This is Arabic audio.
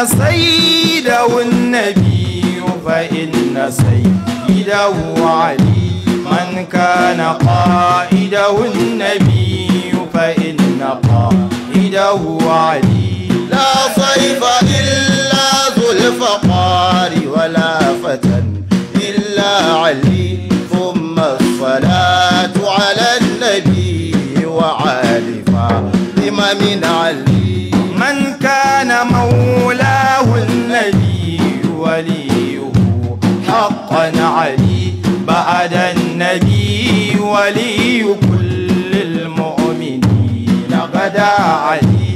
أن والنبي فإن سيده علي من كان قائده النبي فإن قائده علي لا صيف إلا ذو الفقار ولا فتى إلا علي ثم الصلاة على النبي وعلي فاطمة من علي وليه حقا علي بعد النبي ولي كل المؤمنين غدا علي